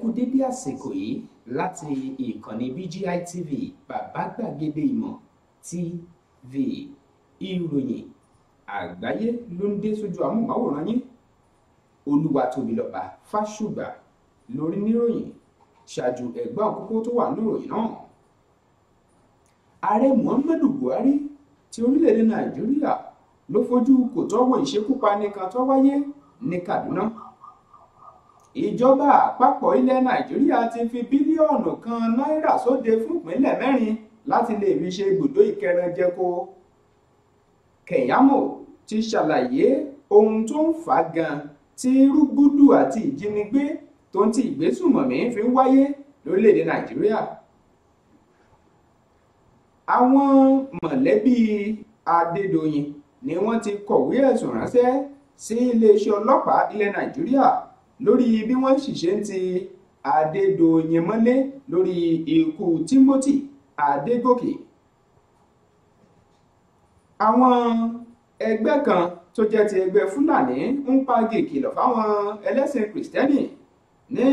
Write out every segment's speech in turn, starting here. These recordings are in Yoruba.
kú dédé àsìkò yìí láti ìkànnì BGI TV bàbá gbàgede ìmọ̀ TV ìròyìn àgbáyé ló ń dé sójú amóhùnmáwòrán yín olúwatóbilọ́ba fáṣùgbà lórí níròyìn ṣáájú ẹ̀gbọ́n àkókò tó wà níròyìn náà ààrẹ muhammadu buhari ti orílẹ̀-èdè nàìjíríà ló fojú kò tọ́wọ́ ìṣekúpani kan tó wáyé ní kaduna ìjọba àpapọ̀ ilẹ̀ nàìjíríà ti fi bílíọ̀nù kan náírà sóde fún ìpínlẹ̀ mẹ́rin láti lè fi ṣe ibùdó ìkẹrànjẹko kẹyàmó ti ṣàlàyé ohun tó ń fà á gan tí rúgúdù àti ìjínigbé tó ń ti ìgbésùmọ̀mí fi ń wáyé lórílẹ̀‐èdè nàìjíríà àwọn mọ̀lẹ́bí adédọ̀yìn ni wọ́n ti kọ̀wé ẹ̀sùn ránṣẹ́ sí iléeṣẹ́ ọlọ́pàá ilẹ̀ nàìjíríà lórí bí wọ́n ṣìṣe ń ti Adédoyin mọ́lé lórí ikú Timothy Adégòkè àwọn ẹgbẹ́ kan tó jẹ́ ti ẹgbẹ́ Fúlàní ń pa gèkìlọ̀ fáwọn ẹlẹ́sìn Kìrìsìtẹ́nì ní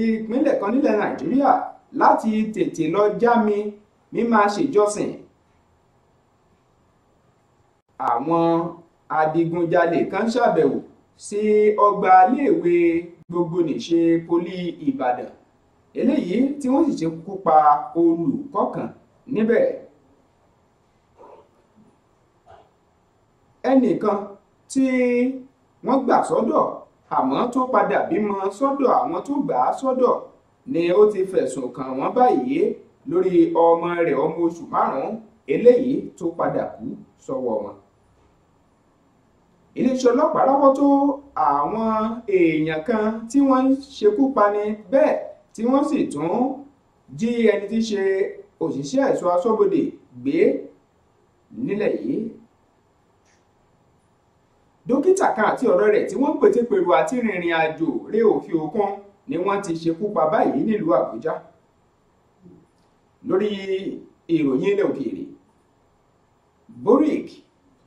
ìpínlẹ̀ kan nílẹ̀ Nàìjíríà láti tètè lọ jámi mímá ṣèjọsìn àwọn adigunjalè kan ṣàbẹ̀wò sí ọgbà iléèwé gbogbonìṣe poli ìbàdàn eléyìí tí wọ́n sì ti kú pa olùkọ́ kan níbẹ̀ ẹnìkan tí wọ́n gbà sọ́dọ̀ àmọ́ tó padà bímọ sọ́dọ̀ àwọn tó gbà á sọ́dọ̀ ni ó ti fẹ̀sùn kàn wọ́n báyìí lórí ọmọ rẹ̀ ọmọ oṣù márùn-ún eléyìí tó padà kú sọ́wọ́ wọn iléeṣẹ́ ọlọ́pàá lọ́wọ́ tó àwọn èèyàn kan tí wọ́n ń ṣekú pani bẹ́ẹ̀ tí wọ́n sì tún jí ẹni tí ṣe òṣìṣẹ́ ẹ̀ṣọ́ aṣọ́bodè gbé nílẹ̀ yìí dókítà kan àti ọ̀rẹ́ rẹ̀ tí wọ́n pètèpèrò àti rìnrìn àjò ré òfin òkun ni wọ́n ti ṣekú pa báyìí nílùú àbújá lórí ìròyìn ilẹ̀ òkèèrè Boric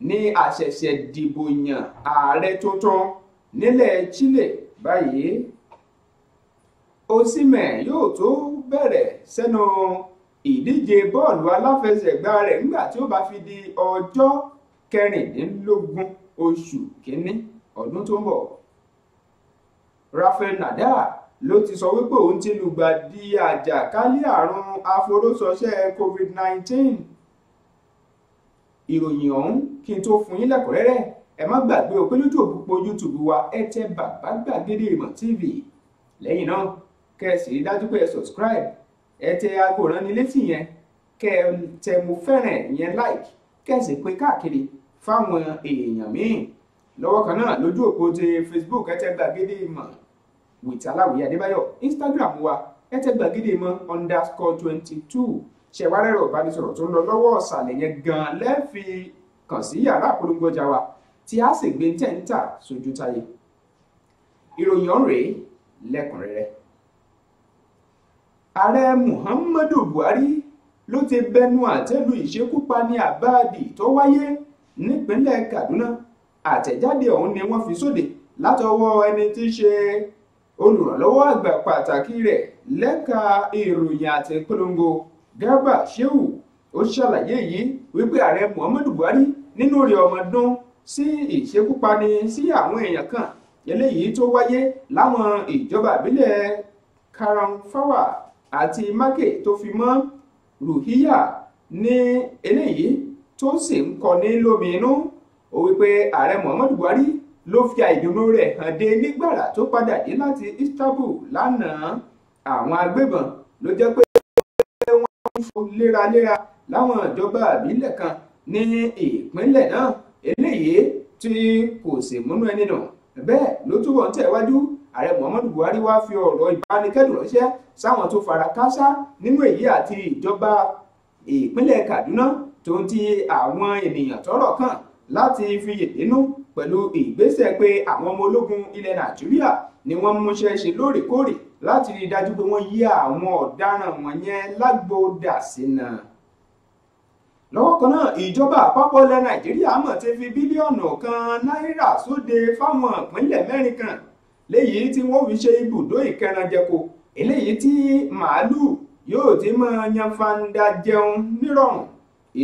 ní àṣẹ̀ṣẹ̀ dìbò yàn ààrẹ tuntun nílẹ̀ Chile báyìí Osimhen yóò tó bẹ̀rẹ̀ sẹ́nu ìdíje bọ́ọ̀lù aláfẹsẹ̀gbá rẹ̀ nígbà tí ó bá fi di ọjọ́ kẹrìndínlógún oṣù kínní ọdún tó ń bọ̀ Rafael Nadal ló ti sọ wípé òun ti lùgbàdì àjàkálẹ̀ àrùn aforósọṣẹ́ COVID-19 ìròyìn ọ̀hún kí n tó fún yín lẹ́kọ̀ọ́rẹ́rẹ́ ẹ má gbàgbé o pé lójú òpópó YouTube wa ẹ tẹ bàbá gbàgede ìmọ̀ TV lẹ́yìn náà kẹ́ ẹ sì rí dájú pé ẹ subscribe ẹ tẹ aago ìránnilétí yẹn kẹ́ ẹ tẹ mo fẹ́ràn ìyẹn like kẹ́ ẹ sì pín káàkiri fáwọn èèyàn míì lọ́wọ́ kan náà lójú òpó ti Facebook ẹ tẹ gbàgede ìmọ̀ with aláwìyé adébáyọ̀ Instagram wa ẹ tẹ gbàgede ìmọ̀ underscore twenty two ṣẹ̀wárẹ̀rọ̀ ìbánisọ̀rọ̀ tó ń lọ lọ́wọ́ ọ̀sàlẹ̀ yẹn gan-an lẹ́ẹ̀fi kàn sí yàrá àpolongo ọjà wa tí a sì gbé tẹ́ǹtà sójú táyé ìròyìn ọ̀hún rèé ààrẹ Muhammadu Buhari ló ti bẹnu àtẹ́lu ìṣekúpani àbáàdì tó wáyé nípínlẹ̀ Kaduna àtẹ̀jáde ọ̀hún ni wọ́n fi sóde látọwọ́ ẹni tí í ṣe olùrànlọ́wọ́ àgbà pàtàkì rẹ̀ lẹ́ka ìròyìn àti ìpolongo Garba Shehu ó ṣàlàyé yìí wípé ààrẹ Muhammadu Buhari nínú rẹ̀ ọmọdún sí ìṣekúpani sí àwọn èèyàn kan eléyìí tó wáyé láwọn ìjọba ìbílẹ̀ Karamfawa àti Make tó fi mọ́ Ruhiya ní eléyìí tó sì ń kọni lóminú ó wípé ààrẹ Muhammadu Buhari ló fi àìdùnnú rẹ̀ hàn dé nígbàrà tó padà dé láti Istanbul lánàá àwọn agbébọn ló jẹ́ pé fò léraléra láwọn ìjọba àbílẹ̀ kan ní ìpínlẹ̀ náà eléyìí tí kò sì múnú ẹni dùn bẹ́ẹ̀ ló túbọ̀ ń tẹ̀wájú ààrẹ muhammadu buhari wá fi ọ̀rọ̀ ìbánikẹ́dùn ránṣẹ́ sáwọn tó fara káásá nínú èyí àti ìjọba ìpínlẹ̀ kaduna tó ń ti àwọn ènìyàn tọ́rọ̀ kàn láti fi yèdínú pẹ̀lú ìgbésẹ̀ pé àwọn ọmọ ológun ilẹ̀ nàìjíríà ni wọ́n múṣẹ́ ṣe lóòrèkóòrè láti rí i dájú pé wọ́n yí àwọn ọ̀daràn wọ̀nyẹn lágbo dà sínú lọ́wọ́ kan náà ìjọba àpapọ̀ ilẹ̀ nàìjíríà mọ̀ ti fi bílíọ̀nù kan náírà sóde fáwọn ìpínlẹ̀ mẹ́rin kan léyìí tí wọ́n fi ṣe ibùdó ìkẹranjẹko eléyìí tí màálù yóò ti máa yanfanda jẹun nírọ̀rùn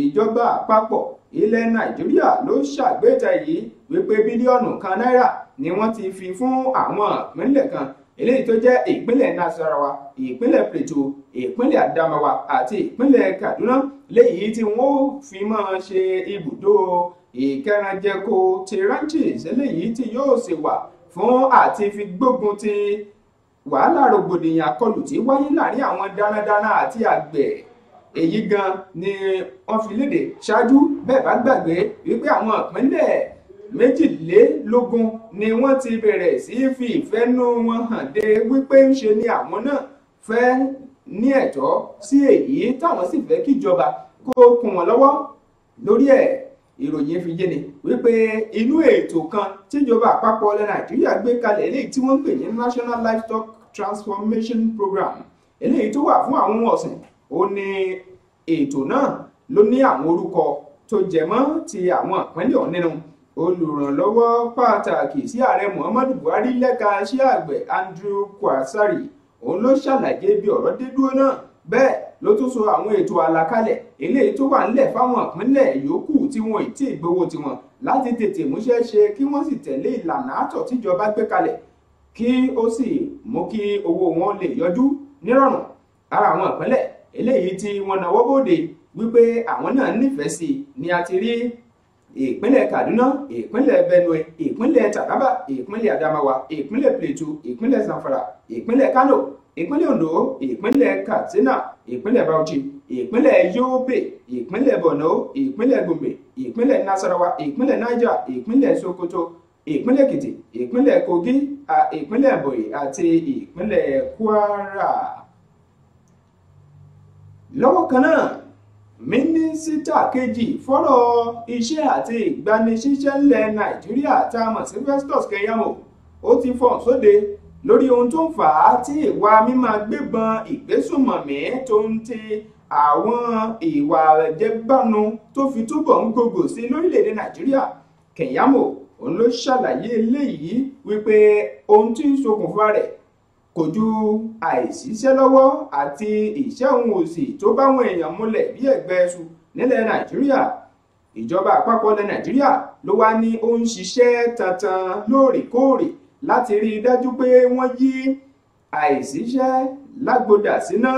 ìjọba àpapọ̀ ilẹ̀ nàìjíríà ló ṣàgbéta yìí wípé bílíọ̀nù kan náírà ni wọ́n ti fi fún àwọn ìpínlẹ̀ kan eléyìí tó jẹ́ ìpínlẹ̀ nasarawa ìpínlẹ̀ plateau ìpínlẹ̀ adamawa àti ìpínlẹ̀ kaduna léyìí tí wọ́n fi máa ṣe ibùdó ìkẹranjẹko ti ranches eléyìí tí yóò sì wà fún àti fi gbógun ti wàhálà rògbòdìyàn àkọlù tí wáyé láàrin àwọn darandaran àti àgbẹ̀ èyí gan ni wọ́n fi léde ṣáájú bẹ́ẹ̀ bá gbàgbé wípé àwọn ìpínlẹ̀ méjìlélógún ni wọ́n ti bẹ̀rẹ̀ sí í fi ìfẹ́nú wọn hàn dé wípé ń ṣe ni àwọn náà fẹ́ ní ẹ̀tọ́ sí èyí táwọn sì fẹ́ kíjọba kó kún wọn lọ́wọ́ lórí ẹ̀ ìròyìn fi yé wípé inú ètò kan tíjọba àpapọ̀ ilẹ̀ nàìjíríà gbé kalẹ̀ eléyìí tí wọ́n ń pè ní national livestock transformation program eléyìí tó wà fún àwọn ọ̀sìn ó ní ètò náà ló ní àwọn orúkọ tó jẹ mọ́ ti àwọn ìpínlẹ̀ ọ̀hún olùrànlọ́wọ́ pàtàkì sí ààrẹ muhammadu buhari lẹ́ka iṣẹ́ àgbẹ̀ andrew kwasari òun ló ṣàlàyé bí ọ̀rọ̀ dé dúró náà bẹ́ẹ̀ ló tún so àwọn ètò àlàkalẹ̀ eléyìí tó wà ńlẹ̀ fáwọn ìpínlẹ̀ yòókù tí wọn ì tí ì gbowó tiwọn láti tètè múṣẹ́ ṣe kí wọ́n sì tẹ̀lé ìlànà àtọ̀ tíjọba gbé kalẹ̀ kí ó sì mú kí owó wọn lè yọjú nírọ̀rùn ara àwọn ìpínlẹ̀ eléyìí tí wọ́n náwó bòde wípé àwọn náà nífẹ̀ẹ́ sí ni a ti rí ìpínlẹ̀ kaduna ìpínlẹ̀ benue ìpínlẹ̀ taraba ìpínlẹ̀ adamawa ìpínlẹ̀ plateau ìpínlẹ̀ zamfara ìpínlẹ̀ kano ìpínlẹ̀ ondo ìpínlẹ̀ katsina ìpínlẹ̀ bauchi ìpínlẹ̀ yobe ìpínlẹ̀ borno ìpínlẹ̀ gombe ìpínlẹ̀ nasarawa ìpínlẹ̀ niger ìpínlẹ̀ sokoto ìpínlẹ̀ èkìtì ìpínlẹ̀ kogi ìpínlẹ̀ ebonyi àti ìpínlẹ̀ kwara lọ́wọ́ kan náà mínísítà kejì fọ́rọ̀ iṣẹ́ àti ìgbanisíṣẹ́ ńlẹ̀ nàìjíríà tá a mọ̀ sí Festus Keyamo ó ti fọ̀n sóde lórí ohun tó ń fà á tí ìwà mímọ́ gbébọn ìgbésùmọ̀mí tó ń ti àwọn ìwà àjẹbánu tó fi túbọ̀ ń gbogbo sí lórílẹ̀‐èdè nàìjíríà Keyamo òun ló ṣàlàyé eléyìí wípé ohun tí ń ṣokùnfà rẹ̀ kojú àìsíṣẹ́ lọ́wọ́ àti ìṣẹ́ òun òsì tó báwọn èèyàn múlẹ̀ bí ẹ̀gbẹ́ ẹṣu nílẹ̀ nàìjíríà ìjọba àpapọ̀ ilẹ̀ nàìjíríà ló wá ní ó ń ṣiṣẹ́ tantan lóòrèkóòrè láti rí i dájú pé wọ́n yí àìsíṣẹ́ lágbódà síná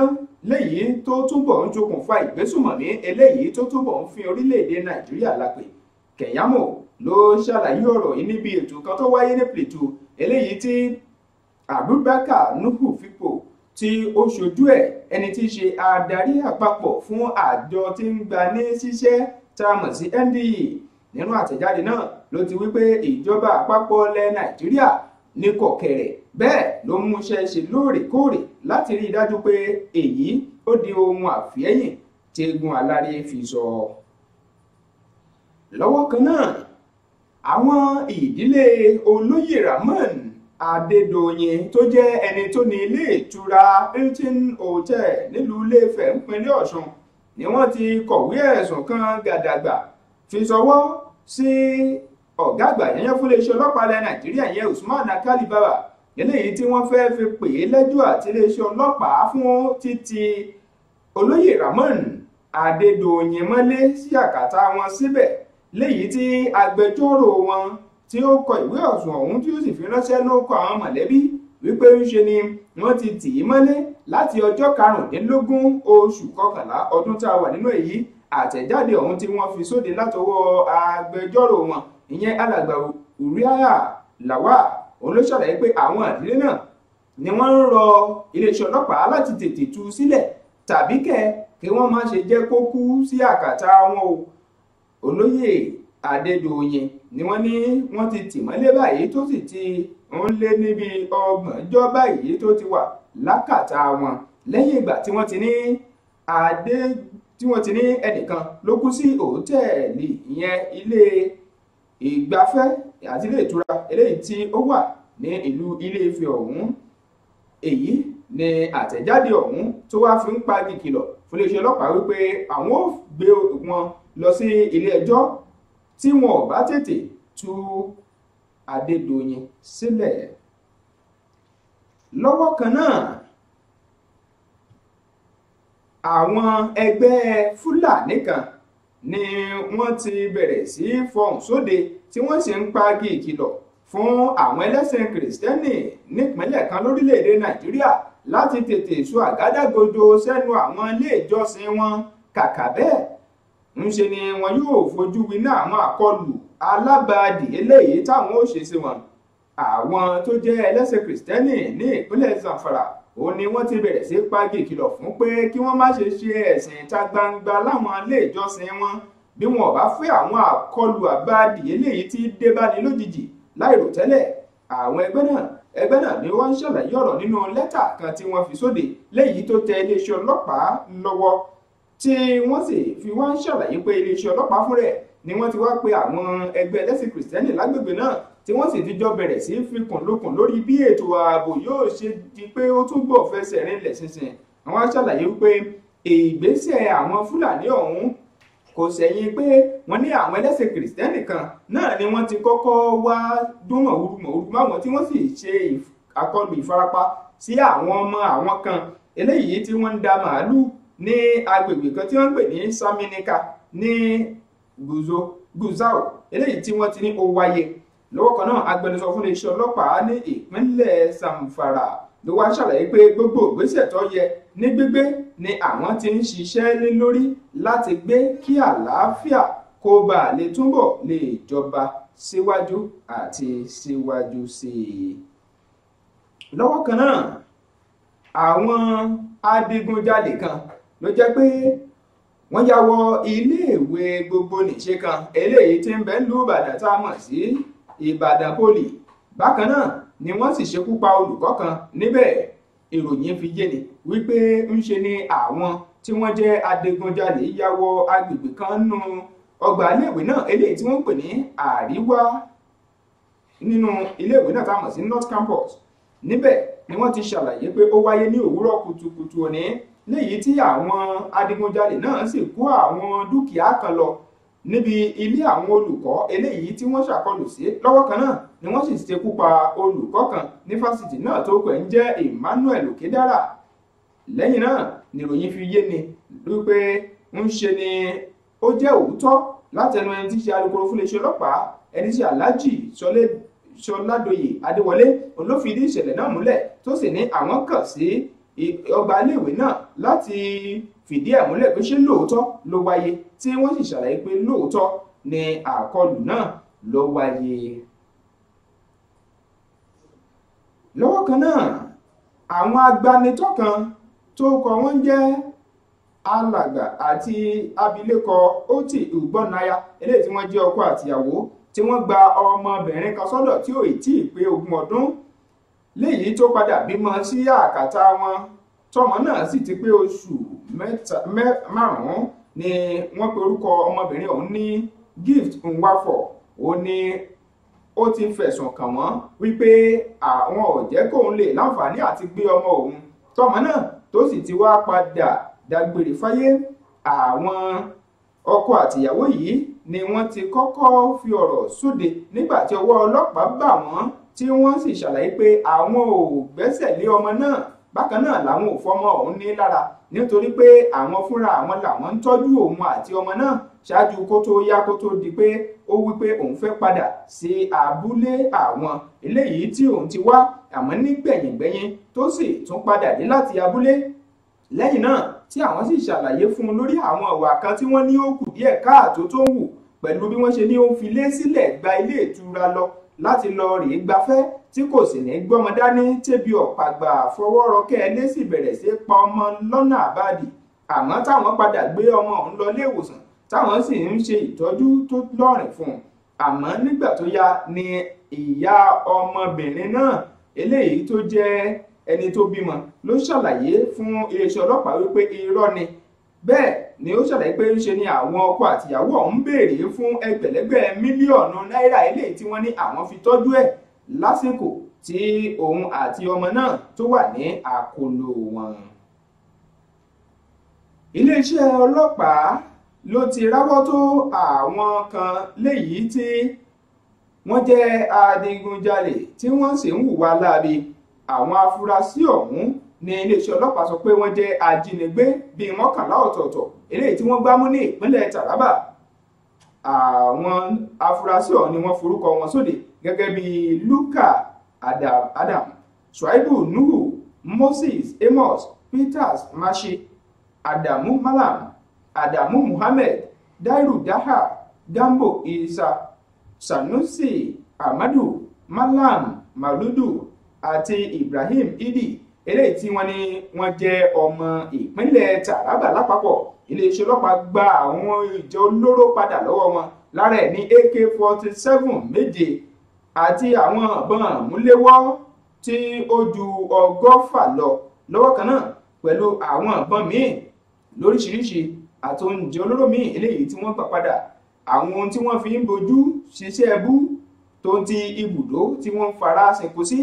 léyìí tó túbọ̀ ń ṣokùnfà ìgbésùmọ̀mí eléyìí tó túbọ̀ ń fi orílẹ̀-èdè nàìjíríà lápè kẹ̀yàmọ̀ ló ṣàlàyé ọ̀rọ̀ yìí níbi ètò kan tó wáyé ní Plateau eléyìí tí abubakar nuhu fipò tí ó ṣojú ẹ̀ ẹni tí í ṣe adarí àpapọ̀ fún àjọ tí ń gba ní ṣíṣẹ́ tá a mọ̀ sí NDE nínú àtẹ̀jáde náà ló ti wípé ìjọba àpapọ̀ ilẹ̀ nàìjíríà ní kọ̀kẹ̀rẹ̀ bẹ́ẹ̀ ló ń múṣẹ́ ṣe lóòrèkóòrè láti rí i dájú pé èyí ó di ohun àfihẹ́yìn tí egun aláré fi sọ. lọ́wọ́ kan náà àwọn ìdílé olóyè Rahmon adédọ̀yìn tó jẹ́ ẹni tó ní ilé ìtura hilton hotel nílùú iléfẹ̀ ńpínlẹ̀ ọ̀ṣun ni wọ́n ti kọ̀wé ẹ̀sùn kan gàdàgbà fi sọwọ́ sí ọ̀gá àgbà yẹnyẹn fún iléeṣẹ́ ọlọ́pàá ilẹ̀ nàìjíríà yẹn usman akali baba eléyìí tí wọ́n fẹ́ fi pè é lẹ́jọ́ àti iléeṣẹ́ ọlọ́pàá fún títì olóyè ramon adédọ̀yìn mọ́lé sí àkàtà wọn síbẹ̀ léyìí tí agbẹjọ́rò wọn tí ó kọ ìwé ọ̀sùn ọ̀hún tí ó sì fi ránṣẹ́ ló kọ àwọn mọ̀lẹ́bí wípé ńṣe ni wọ́n ti tì í mọ́lé láti ọjọ́ karùndínlógún oṣù kọkànlá ọdún tá a wà nínú èyí àtẹ̀jáde ọ̀hún tí wọ́n fi sóde látọwọ́ agbẹjọ́rò wọn ìyẹn alàgbà Uriah Lawal òun ló ṣàlàyé pé àwọn àdílé náà ni wọ́n ń rọ iléeṣẹ́ ọlọ́pàá láti tètè tú u sílẹ̀ tàbí kẹ̀ kí wọ́n má ṣe jẹ́ kó kú sí àkàtà wọn o olóyè Adédoyin ni wọ́n ní wọ́n ti tì mọ́lé báyìí tó sì ti ń lé níbi ọgbọ̀njọ́ báyìí tó ti wà lákàtà wọn lẹ́yìn ìgbà tí wọ́n ti ní adé tí wọ́n ti ní ẹnìkan ló kú sí òtẹ́ẹ̀lì ìyẹn ilé ìgbafẹ́ àti ilé ìtura eléyìí tí ó wà ní ìlú Ilé-Ifẹ̀ ọ̀hún èyí ni àtẹ̀jáde ọ̀hún tó wá fi ń pa kìkìlọ̀ fún iléeṣẹ́ ọlọ́pàá wípé àwọn ò gbé wọn lọ sí ilé ẹjọ́ tí wọn ò bá tètè tú Adédoyin sílẹ̀ lọ́wọ́ kan náà àwọn ẹgbẹ́ Fúlàní kan ni wọ́n ti bẹ̀rẹ̀ sí fọhùn sóde tí wọ́n sì ń pagi ìkìlọ̀ fún àwọn ẹlẹ́sìn kìrìsìtẹ́nì nípínlẹ̀ kan lórílẹ̀‐èdè Nàìjíríà láti tètè so àgádágodo sẹ́nu àwọn ilé ìjọsìn wọn kàkà bẹ́ẹ̀ ńṣe ni wọn yóò fojú winá àwọn àkọlù alábàádì eléyìí táwọn ò ṣe sí wọn àwọn tó jẹ́ ẹlẹ́sìn kìrìsìtẹ́nì ní ìpínlẹ̀ Zamfara òun ni wọ́n ti bẹ̀rẹ̀ sí pagi ìkìlọ̀ fún pé kí wọ́n má ṣe ṣe ẹ̀sìn ìta gbangba láwọn ilé ìjọsìn wọn bí wọn ò bá fẹ́ àwọn àkọlù àbáàdì eléyìí tí dé báni lójijì láìròtẹ́lẹ̀ àwọn ẹgbẹ́ náà ẹgbẹ́ náà ni wọ́n ń ṣàlàyé ọ̀rọ̀ nínú lẹ́tà kan tí wọ́n fi sóde léyìí tó tẹ iléeṣẹ́ ọlọ́pàá lọ́wọ́ tí wọ́n sì fi wá ń ṣàlàyé pé iléeṣẹ́ ọlọ́pàá fúnra ẹ̀ ni wọ́n ti wá pe àwọn ẹgbẹ́ ẹlẹ́sìn kìrìsìtẹ́nì lágbègbè náà tí wọ́n sì ti bẹ̀rẹ̀ sí fikùn lukùn lórí bí ètò ààbò yóò ṣe di pé ó túbọ̀ fẹsẹ̀ rinlẹ̀ ṣinṣin àwọn aṣàlàyé wípé ìgbésẹ̀ àwọn fúlàní ọ̀hún kò sẹ̀yìn pé wọ́n ní àwọn ẹlẹ́sìn kìrìsìtẹ́nì kan náà ni wọ́n ti kọ́kọ́ wá dún mọ̀wúrú mọ̀wúrú máwọn tí wọ́n sì ṣe àkọlù ìfarapa sí àwọn ọmọ àwọn kan eléyìí tí wọ́n ń da màálù ní agbègbè kan tí wọ́n ń pè ní Saminika ní Guzau Guzau eléyìí tí wọ́n ti ní ó wáyé lọ́wọ́ kan náà agbẹnusọ fún iléeṣẹ́ ọlọ́pàá ní ìpínlẹ̀ Zamfara ló wá ṣàlàyé pé gbogbo ìgbésẹ̀ tó yẹ ní gbígbé ni àwọn ti ń ṣiṣẹ́ lé lórí láti gbé kí àlàáfíà kó bá lè túbọ̀ lè jọba síwájú àti síwájú sí i. lọ́wọ́ kan náà àwọn adigunjalè kan ló jẹ́ pé wọ́n ya wọ iléèwé gbogbo nìṣe kan eléyìí tí ń bẹ lu ìbàdàn tá a mọ̀ sí ìbàdàn poli bákan náà ni wọ́n sì ṣekú pa olùkọ́ kan níbẹ̀ ìròyìn fi yé ni wípé ń ṣe ni àwọn tí wọ́n jẹ́ adigunjalè ya wọ agbègbè kan nù ọgbà iléèwé náà eléyìí tí wọ́n pè ní àríwá nínú iléèwé náà tá a mọ̀ sí north campus níbẹ̀ ni wọ́n ti ṣàlàyé pé ó wáyé ní òwúrọ̀ kùtùkùtù òní léyìí tí àwọn adigunjalè náà sì kó àwọn dúkìá kan lọ níbi ilé àwọn olùkọ́ eléyìí tí wọ́n ṣàkọlù sí lọ́wọ́ kan náà ni wọ́n sì ṣekú pa olùkọ́ kan ní fásitì náà tó pẹ̀ ń jẹ́ Emmanuel Okedara lẹ́yìn náà nìròyìn fi yé ni wípé ń ṣe ni ó jẹ́ òótọ́ látẹnu ẹni tí ṣe alukoro fún iléeṣẹ́ ọlọ́pàá ẹni tí Alhaji Sọládòyè Adéwọlé olófin ìṣẹ̀lẹ̀ náà múlẹ̀ tó sì ní àwọn kàn sí ọgbà iléèwé náà láti fìdí ẹ̀ múlẹ̀ pé ṣé lóòótọ́ ló wáyé tí wọ́n sì ṣàlàyé pé lóòótọ́ ni àkọlù náà ló wáyé. lọ́wọ́ kan náà àwọn agbanitọ́ kan tó kọ wọ́n jẹ́ alàgbà àti abilékọ oti ugbonaya eléyìí tí wọ́n jẹ́ ọkọ àtìyàwó tí wọ́n gba ọmọbìnrin kan sọ́dọ̀ tí ò tí ì pé ogún ọdún léyìí tó padà bímọ sí àkàtà wọn tọmọ náà sì ti pé oṣù márùn-ún ni wọ́n pe orúkọ ọmọbìnrin ọ̀hún ní gift nwafor ó ní ó ti fẹ̀sùn kàn wọ́n wípé àwọn ò jẹ́ kóun lè láǹfààní àti gbé ọmọ òun tọmọ náà tó sì ti wá padà dágbére fáyé àwọn ọkọ àtìyàwó yìí ni wọ́n ti kọ́kọ́ fi ọ̀rọ̀ sóde nígbà tí ọwọ́ ọlọ́pàá bà wọ́n tí wọ́n sì ṣàlàyé pé àwọn ò gbẹ́sẹ̀ lé ọmọ náà bákan náà làwọn ò fọmọ ọ̀hún ní lára nítorí pé àwọn fúnra àwọn làwọn ń tọ́jú òun àti ọmọ náà ṣáájú kó tó yá kó tó di pé ó wí pé òun fẹ́ padà sí abúlé àwọn eléyìí tí òun ti wá àmọ́ nígbẹ̀yìngbẹ̀yìn tó sì tún padà dé láti abúlé lẹ́yìn náà tí àwọn sì ṣàlàyé fún un lórí àwọn ìwà kan tí wọ́n ní ó kù díẹ̀ káàtó tó ń wù pẹ̀lú bí wọ́n ṣe ní ó ń filé sílẹ̀ gba ilé ìtura lọ láti lọ rèé gbafẹ́ tí kò sì ní gbọ́mọ dání tẹ́bi ọ̀pàgbà fọwọ́rọ́kẹ́ ilé sì bẹ̀rẹ̀ sí pa ọmọ lọ́nà àbàdì àmọ́ táwọn padà gbé ọmọ ọ̀hún lọ ilé ìwòsàn táwọn sì ń ṣe ìtọ́jú tó lọ́rìn fún un àmọ́ nígbà tó yá ni ìyá ọmọbìnrin náà eléyìí tó jẹ́ ẹni tó bímọ ló ṣàlàyé fún iléeṣẹ́ ọlọ́pàá wípé irọ́ ni bẹ́ẹ̀ ni ó ṣàlàyé pé ńṣe ni àwọn ọkọ àtìyàwó ọ̀hún béèrè fún ẹgbẹ̀lẹ́gbẹ̀ mílíọ̀nù náírà eléyìí tí wọ́n ní àwọn fi tọ́jú ẹ̀ lásìkò tí òun àti ọmọ náà tó wà ní àkóló wọn. iléeṣẹ́ ọlọ́pàá ló ti ráwọ́ tó àwọn kan léyìí tí wọ́n jẹ́ adigunjalè tí wọ́n sì ń hùwà láabi àwọn afurasí ọ̀hún ní iléeṣẹ́ ọlọ́pàá sọ pé wọ́n jẹ́ ajínigbé bíi mọ́kànlá ọ̀tọ̀ọ̀tọ̀ eléyìí tí wọ́n gbámú ní ìpínlẹ̀ Taraba àwọn afurasí ọ̀hún ni wọ́n forúkọ wọn sóde gẹ́gẹ́ bíi Luka Adam, Adam Shuaibu Nuhu Moses Amos Peters Mashi Adamu Malam Adamu Muhammed Dairu Daha Gambo Isa Sanusi Amadu Malam Maludu àti Ibrahim Idi eléyìí tí wọ́n ní wọ́n jẹ́ ọmọ ìpínlẹ̀ Taraba lápapọ̀ iléeṣẹ́ ọlọ́pàá gba àwọn ìjọ olóró padà lọ́wọ́ wọn lára ẹ̀ ní AK forty seven méje àti àwọn ọ̀bọ̀n múléwọ́ tí ó ju ọgọ́fà lọ lọ́wọ́ kan náà pẹ̀lú àwọn ọ̀bọ̀n míì lóríṣiríṣi àti oúnjẹ olóró míì eléyìí tí wọ́n gbà padà àwọn ohun tí wọ́n fi ń bojú ṣiṣẹ́ ẹbú tó ń ti ibùdó tí wọ́n fara sìnkú sí. Si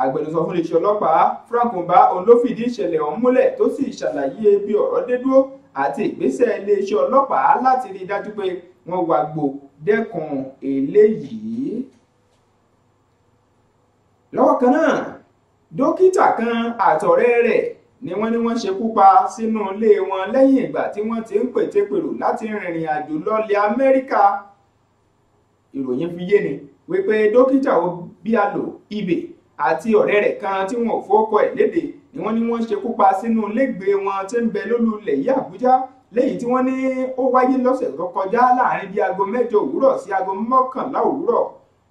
agbẹnusọ fún iléeṣẹ́ ọlọ́pàá Frank Mba òun ló fìdí ìṣẹ̀lẹ̀ ọ̀hún múlẹ̀ tó sì ṣàlàyé bí ọ̀rọ̀ dé dúró àti ìgbésẹ̀ iléeṣẹ́ ọlọ́pàá láti rí i dájú pé wọ́n wàgbò dẹ́kun eléyìí. lọ́wọ́ kan náà dókítà kan àtọ̀rẹ́ rẹ̀ ni wọ́n ní wọ́n ṣekú pa sínú ilé wọn lẹ́yìn ìgbà tí wọ́n ti ń pètèpèrò láti rìnrìn àjò lọ́lẹ̀ Amẹ́ríkà ìròyìn fi yé ni wípé dókítà Obialọ Ibeh àti ọ̀rẹ́ rẹ̀ kan tí wọn ò fọ́kọ ẹ̀ léde ni wọ́n ní wọ́n ṣekú pa sínú lẹ́gbẹ̀ẹ́ wọn tí ń bẹ lólulẹ̀ yìí Àbújá lẹ́yìn tí wọ́n ní ó wáyé lọ́sẹ̀ tó kọjá láàrin bíi aago mẹ́jọ òwúrọ̀ sí aago mọ́kànlá òwúrọ̀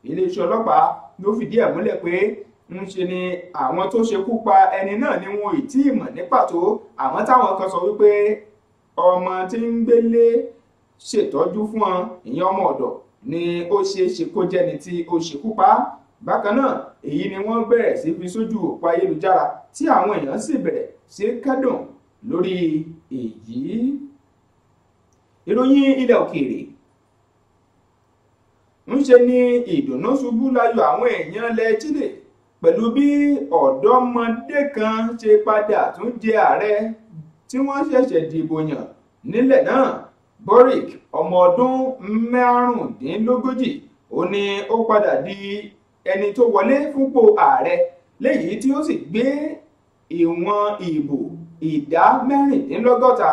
iléeṣẹ́ ọlọ́pàá ló fìdí ẹ̀ múlẹ̀ pé ń ṣe ni àwọn tó ṣekú pa ẹni náà ni wọn ò tí ì mọ̀ ní pàtó àmọ́ táwọn kan sọ wípé ọmọ tí ń gbélé ṣètọ́jú fún ọ ìyẹn ọmọ ọ̀dọ̀ ni ó ṣeé ṣe kó jẹ́ni tí ó ṣekú pa bákan náà èyí ni wọ́n bẹ̀rẹ̀ sí fi sójú òpó ayélujára tí àwọn èèyàn sì bẹ̀rẹ̀ sí kẹ́dùn lórí èyí. ìròyìn ilẹ̀ òkèèrè ń ṣe ni ìdùnnú ṣubú láyọ̀ àwọn èèyàn ilẹ̀ Chile pẹ̀lú bí ọ̀dọ́mọdé kan ṣe padà tún jẹ ààrẹ tí wọ́n ṣẹ̀ṣẹ̀ dìbò yàn nílẹ̀ náà Boric ọmọ ọdún márùndínlógójì ó ní ó padà di ẹni tó wọlé fúnpò ààrẹ léyìí tí ó sì gbé ìwọ̀n ìbò ìdá mẹ́rìndínlọ́gọ́ta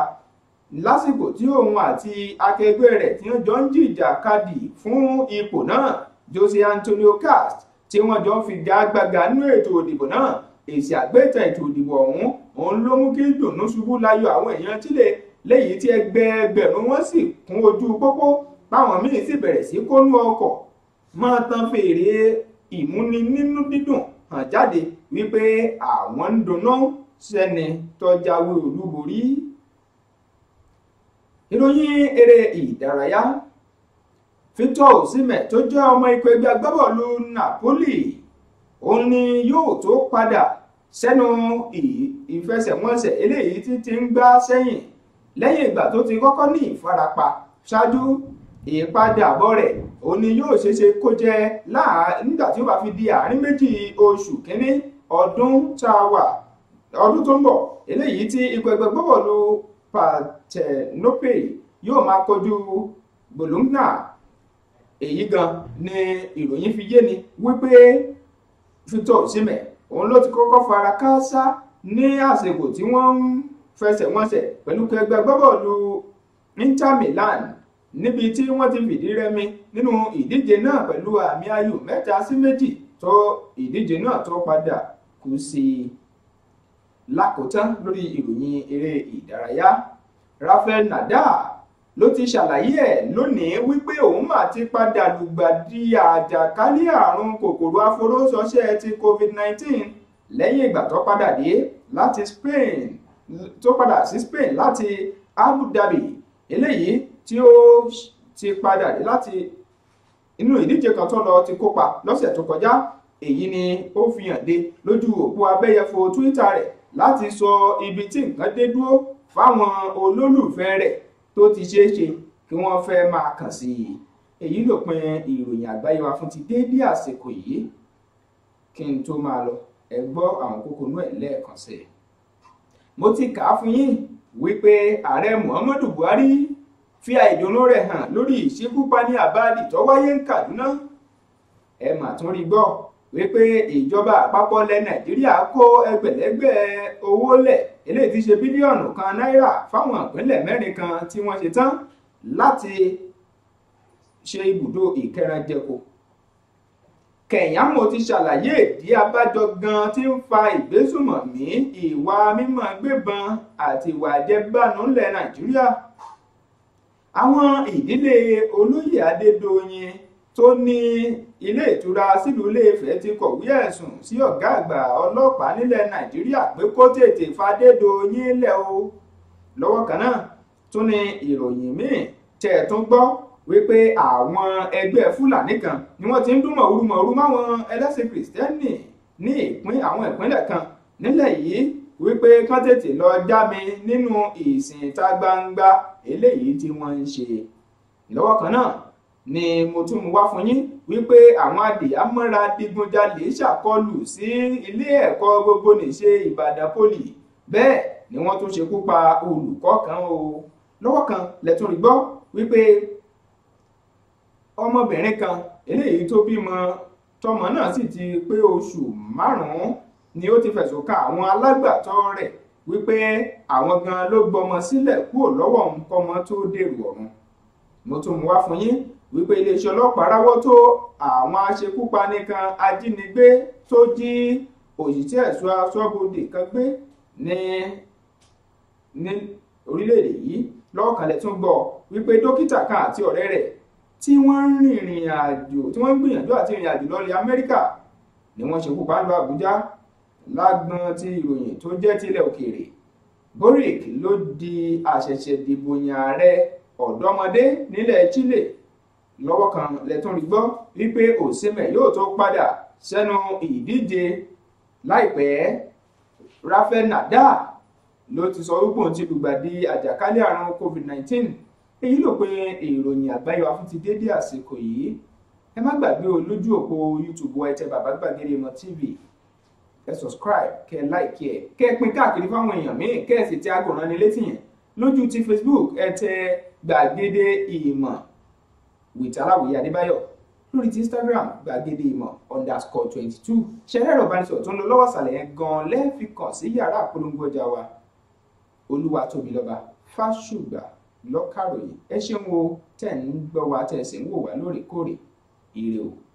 lásìkò tí òun àti akẹgbẹ́ rẹ̀ tí wọ́n jọ ń jìjàkadì fún ipò náà Jose Antonio Cast tí wọ́n jọ ń fi gbàgbàgbà nínú ètò ìdìbò náà èsì àgbéta ètò ìdìbò ọ̀hún òun ló mú kí dùnú ṣubú láyọ̀ àwọn èèyàn tílé léyìí tí ẹgbẹẹgbẹ̀rún wọn sì kún ojú pópó báwọn míín sì bẹ̀rẹ̀ sí kónú ọkọ̀ máa tan fèrè ìmúninínú dídùn hàn jáde wípé àwọn ń dunnú sẹ́ni tó jáwé olúborí ìròyìn eré ìdárayá Victor Osimhen tó jẹ́ ọmọ ikọ̀ ẹgbẹ́ agbábọ́ọ̀lù Napoli òun ni yóò tó padà sẹ́nu ìfẹsẹ̀wọnsẹ̀ eléyìí tí ti ń gbá sẹ́yìn lẹ́yìn ìgbà tó ti kọ́kọ́ ní ìfarapa ṣáájú ìpadàbọ̀ rẹ̀ òun ni yóò ṣeé ṣe kó jẹ́ láà nígbà tí ó bá fi di àárín méjì oṣù kínní ọdún tá a wà ọdún tó ń bọ̀ eléyìí tí ikọ̀ ẹgbẹ́ gbọ́bọ̀lù Partenope yóò máa kojú Bologna èyí gan ni ìròyìn fi yé ni wípé Victor Osimhen òun ló ti kọ́kọ́ fara káásá ní àsìkò tí wọ́n ń fẹsẹ̀ wọnsẹ̀ pẹ̀lú ẹgbẹ́ gbọ́bọ̀lù Inter Milan níbi tí wọ́n ti fìdí rẹmi nínú ìdíje náà pẹ̀lú àmì ayò mẹ́ta sí méjì tó ìdíje náà tó padà kú sí i lákòótán lórí ìròyìn eré ìdárayá Rafael Nadal ló ti ṣàlàyé ẹ̀ lónìí wípé òun mà ti padà lùgbàdì àjàkálẹ̀ àrùn kòkòrò àforósọṣẹ́ ti COVID-19 lẹ́yìn ìgbà tó padà dé láti Spain tó padà sí Spain láti Abu Dhabi eléyìí tí ó ti padà dé láti inú ìdíje kan tó lọ ti kópa lọ́sẹ̀ tó kọjá èyí ni ó fi hàn dé lójú òpó abẹ́yẹfò Twitter rẹ̀ láti sọ ibi tí nǹkan dé dúró fáwọn olólùfẹ́ rẹ̀ tó ti ṣeé ṣe kí wọ́n fẹ́ máa kàn sí i èyí lópin ìròyìn àgbáyé wa fún ti déédé àsìkò yìí kí n tó máa lọ ẹ gbọ́ àwọn kókó inú ẹ̀ lẹ́ẹ̀kan sí i mo ti kà á fún yín wípé ààrẹ Muhammadu Buhari fi àìdùnnú rẹ̀ hàn lórí ìṣekúpani Àbáàdì tó wáyé ń Kàdúná ẹ mà tún rí gbọ́ wípé ìjọba àpapọ̀ ilẹ̀ Nàìjíríà kó ẹgbẹ̀lẹ́gbẹ̀ owó lẹ̀ eléyìí ti ṣe bílíọ̀nù kan náírà fáwọn ìpínlẹ̀ mẹ́rin kan tí wọ́n ṣe tán láti ṣe ibùdó ìkẹranjẹko Kẹ̀yàmó ti ṣàlàyé ìdí abájọ gan tí ń fa ìgbésùmọ̀mí ìwà mímọ́ gbébọn àti ìwà àjẹbánu ilẹ̀ Nàìjíríà àwọn ìdílé olóyè adédọyìn tó ní ilé ìtura sílùú iléèfẹ̀ ti kọ̀wé ẹ̀sùn sí ọ̀gá àgbà ọlọ́pàá nílẹ̀ nàìjíríà pé kó tètè fàdédọyìn lẹ̀ o lọ́wọ́ kan náà tún ní ìròyìn míì tẹ̀ tún gbọ́ wípé àwọn ẹgbẹ́ fúlàní kan ni wọ́n ti ń dún mọ̀ọ́rú mọ̀ọ́rú máwọn ẹlẹ́sìn kìrìsìtẹ́nì ní ìpín àwọn ìpínlẹ̀ kan nílẹ̀ yìí wípé kán tètè lọ já mi nínú ìsìn ìta gbangba eléyìí tí wọ́n ń ṣe lọ́wọ́ kan náà ni mo tún mú wá fún yín wípé àwọn adìyàmọ́ra digunjalè ṣàkọlù sí ilé ẹ̀kọ́ gbogbo nìṣe Ìbàdàn poli bẹ́ẹ̀ ni wọ́n tún ṣekú pa olùkọ́ kan o lọ́wọ́ kan lẹ́tún rí gbọ́ wípé ọmọbìnrin kan eléyìí tó bímọ tọmọ náà sì ti pé oṣù márùn-ún ni ó ti fẹ̀sùn kà àwọn alágbàtọ́ rẹ̀ wípé àwọn gan ló gbọ́mọ sílẹ̀ kúrò lọ́wọ́ nkọ́mọ tó dèrò ọ̀run mo tún mú wá fún yín wípé iléeṣẹ́ ọlọ́pàá ráwọ́ tó àwọn aṣekúpani kan ajínigbé tó jí òṣìṣẹ́ ẹ̀ṣọ́ aṣọ́bodè kan gbé ní ní orílẹ̀-èdè yìí lọ́ọ̀kanlẹ̀ tún gbọ́ wípé dókítà kan àti ọ̀rẹ́ rẹ̀ tí wọ́n rìnrìn àjò tí wọ́n gbìyànjú àti rìnrìn àjò lọ́ọ̀lẹ̀ Amẹ́ríkà ni wọ́n ṣekú pa lu Àbújá lágbọn ti ìròyìn tó jẹ́ tilẹ̀ òkèèrè Boric ló di àṣẹ̀ṣẹ̀ dìbò yàn ààrẹ ọ̀dọ́mọdé nílẹ̀ Chile lọ́wọ́ kan lẹ́tún rí gbọ́ wípé Osimhen yóò tó padà sẹ́nu ìdíje láìpẹ́ Rafael Nadal ló ti sọ wípé òun ti lùgbàdì àjàkálẹ̀ àrùn COVID-19 èyí ló pé ìròyìn àgbáyọ afún ti dédé àsìkò yìí ẹ má gbàgbé o òpó YouTube wa ẹ tẹ bàbá gbàgede mọ TV ẹ subscribe kẹ ẹ like ẹ kẹ ẹ pín káàkiri fáwọn èèyàn míì kẹ ẹ sì tẹ aago ránni létí yẹn lójú ti Facebook ẹ tẹ gbàgede ìmọ̀ with aláwòye adébáyọ̀ lórí ti Instagram gbàgede ìmọ̀ underscore twenty two ṣẹlẹ̀ ẹ̀rọ ìbánisọ̀rọ̀ tó ń lọ lọ́wọ́ ìsàlẹ̀ yẹn gan-an lẹ́ẹ̀fi kàn sí yàrá àpolongo ọjà wa olúwa tóbi lọ́ba fáṣùgbà lọ́kàròyìn ẹ ṣeun o tẹ̀ ń gbọ́ wa tẹ̀ sì ń wò wá lóòrèkóòrè ire o.